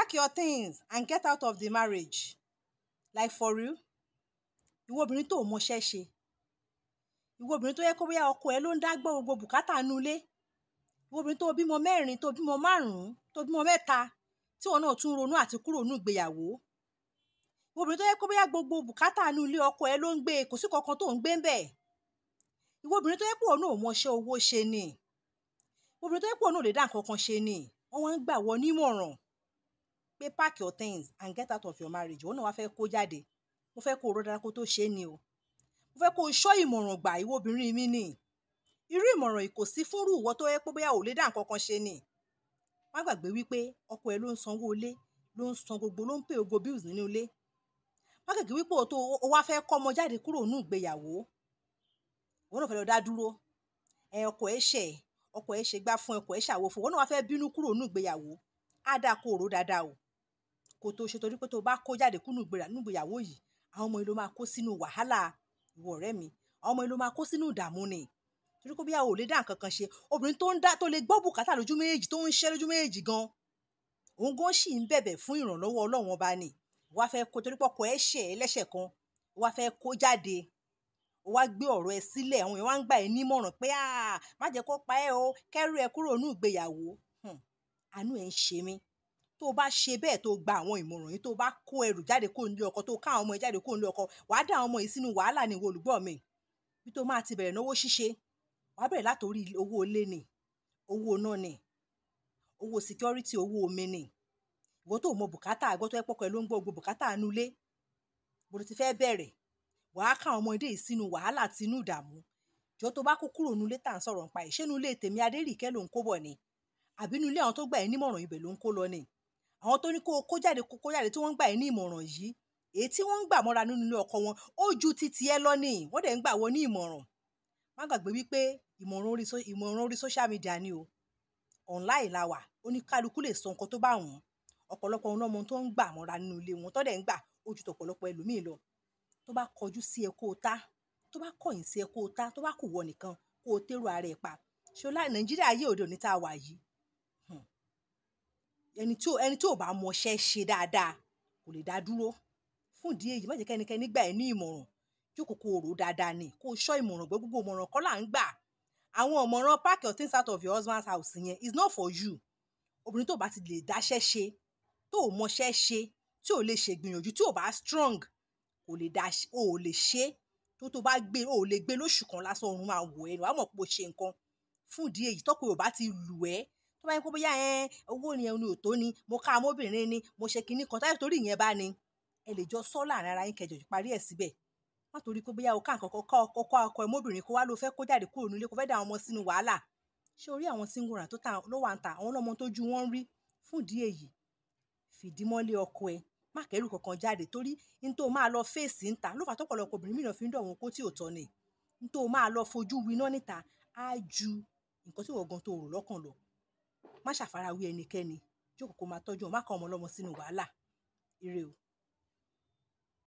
pack your things and get out of the marriage like for real ìwọ obìnrin tó mọṣẹ́ ṣe ìwọ obìnrin tó yẹ kó bóyá ọkọ ẹ ló ń dá gbọ́ gbogbo bùkátà nu ilé ìwọ obìnrin tó bímọ mẹ́rin tó bímọ márùn-ún tó bímọ mẹ́ta tí wọn náà tún ronú àti kúrò nù ìgbéyàwó ìwọ obìnrin tó yẹ kó bóyá gbogbo bùkátà nu ilé ọkọ ẹ ló ń gbé kò sí kankan tó ń gbé ń bẹ ìwọ obìnrin tó yẹ pé òun ò mọṣẹ́ owó ṣe ni ìwọ obìnrin tó yẹ pé òun ò lè dá nǹkan kan ṣe ni wọn wá ń gbà wọ nímọ̀ràn pé pack your things and get out of your marriage òun náà wá fẹ́ kó jáde mo fẹ́ kó o rọ́dá kó tó ṣe é ni o mo fẹ́ kó o ṣọ́ ìmọ̀ràn gbà ìwọ obìnrin mi nì irú ìmọ̀ràn yìí kò sí fúnrú ìwọ tó yẹ pé bóyá ò lè dá nǹkan kan ṣe ni má gbàgbé wípé ọkọ ẹ ló ń sanwó ilé ló ń san gbogbo ló ń pè ogo bills nínú ilé má gbàgbé wípé o tó o wá fẹ́ kọ́ ọmọ jáde kúrò nínú ìgbéyàwó òun náà fẹ́ lọ dá dúró ẹ ọkọ ẹ ṣẹ ọkọ ẹ ṣe gbá fún ọkọ ẹ ṣàwò fún òun náà wá fẹ́ bínú kúrò nínú ìgbéyàwó á dà kó o rò dáadáa o kò tó ṣe torí pé tó bá kó jáde kúnnù gbéra nígbèyàwó yìí àwọn ọmọ yìí ló máa kó sínú wàhálà ìwọ ọ̀rẹ́ mi àwọn ọmọ yìí ló máa kó sínú ìdààmú ni torí pé bí a ò lè dá nǹkan ṣe obìnrin tó ń dá tó lè gbọ́ bùkátà lójú méjì tó ń ṣẹ́ lójú méjì gan òun gan sì ń bẹ̀bẹ̀ fún ìrànlọ́wọ́ ọlọ́run ọba ni wàá fẹ́ kó torí pọ̀kọ ẹ̀ ṣẹ̀ ẹ́ lẹ́ṣẹ̀ kan wàá fẹ́ kó jáde wàá gbé ọ̀rọ̀ ẹ sílẹ̀ àwọn èèyàn wá ń gbà ẹ́ nímọ̀ràn pé má jẹ́ kó pa ẹ́ o kẹ́rù ẹ kúrò ní ìgbéyàwó hmm. àánú ẹ̀ ń ṣe mí tó o bá ṣe bẹ́ẹ̀ tó o gba àwọn ìmọ̀ràn yìí tó o bá kó ẹrù jáde kó o nílé ọkọ tó o ká àwọn ọmọ yìí jáde kó nílé ọkọ wàá dá àwọn ọmọ yìí sínú wàhálà ní olùgbọ́ mi bí tó máa ti bẹ̀rẹ̀ náwó ṣíṣe wàá bẹ̀rẹ̀ látòrí owó ilé ni owó náà ni owó security owó omi ni ìwọ tó mọ bùkátà àgọ́ tó ẹ pọ́kọ ẹ ló ń gbọ́ gbogbo bùkátà nulé bòrò ti fẹ́ bẹ̀rẹ̀ wàá ká àwọn ọmọdé yìí sínú wàhálà tinú ìdààmú jọ tó bá kó kúrò nulé tà ń sọ̀rọ̀ nípa ìṣẹ́nulé tèmi adérìkẹ́ ló ń kó bọ̀ ni àbínú ilé àwọn tó gbà ẹ́ nímọ̀ràn ibẹ̀ ló ń kó lọ ni àwọn tó ní kó o kó jáde kó o kó jáde tí wọ́n ń gbà ẹ́ ní ìmọ̀ràn yìí èyí tí wọ́n ń gbà mọ́ra nínú ilé ọkọ wọn ó ju titi ẹ lọ ní wọ́n dẹ̀ ń gbà wọ́n ní ìmọ̀ràn má gbàgbé wípé ìmọ̀ràn orí ìmọ̀ràn orí social media ni o online la wà oníkálukú lè sọ nǹkan tó bá wọn ọ̀pọ̀lọpọ̀ ohun ọmọ tó ń gbà mọ́ra nínú ilé wọn tó dẹ̀ ń gbà ó ju tọ̀pọ̀lọpọ̀ ẹlòmíì lọ tó bá kọjú sí ẹ ta tó bá kọ̀yìn sí ẹ ta tó bá kù wọ nìkan kó o tẹ́rù ara ẹ̀ pa ṣọlá nàìjíríà ayé òde òní tá a wà yìí ẹni tí ò ẹni tí ò bá mọṣẹ́ ṣe dáadáa kò lè dá dúró fún ìdí èyí má jẹ́ kẹ́nikẹ́ni gbà ẹ́ ní ìmọ̀ràn jókòó kó o rò dáadáa ni kó o ṣọ́ ìmọ̀ràn gbé gbogbo ìmọ̀ràn kọ́ là ń gbà àwọn ọ̀mọ̀ràn pack your things out of your husband's house yẹn is not for you obìnrin tó bá ti lè dáṣẹ́ ṣe tó ò mọṣẹ́ ṣe tí ò lè ṣègbìyànjú tí ò bá strong kò lè dá o ò lè ṣe tó tó bá gbé o ò lè gbé lóṣù kan lásán ọ̀run máa wò ẹ́ wàá mọ̀ pé o ṣe nǹkan fún ìdí èyí tọ́kùnrin ò bá ti lù ẹ́ tó bá yẹ kó bóyá ẹn owó yẹn ni ò tó ni mo ká ọmọbìnrin ni mo ṣe kinní kan táyà torí ìyẹn bá ni ẹ lè jọ sọ láàrin ara yín kẹjọ parí ẹ̀ síbẹ̀ má torí pé bóyá o ká nǹkan kọ́ ọkọ kọ́ ọkọ ọmọbìnrin kó wá ló fẹ́ kó jáde kúrò nílé kó fẹ́ dá àwọn ọmọ sínú wàhálà ṣé orí àwọn single tó ta ló wà ń ta àwọn ọmọ tó ju wọn rí fún ìdí èyí fìdímọ́lé ọkọ ẹ má kẹ́rù kankan jáde torí n tó máa lọ fèsì ń ta ló fà tọ́pọ̀lọpọ̀ obìnrin mìíràn fi ń dọ̀ kó tí ò tọ́ ni n tó máa lọ fojú winá níta á ju nǹkan tí wọ́n gan tó rò lọ́kàn lọ má ṣàfarawé ẹnikẹ́ni jókòó kó máa tọ́jú ọ má kàn ọmọ ọlọ́mọ sínú wàhálà ire o.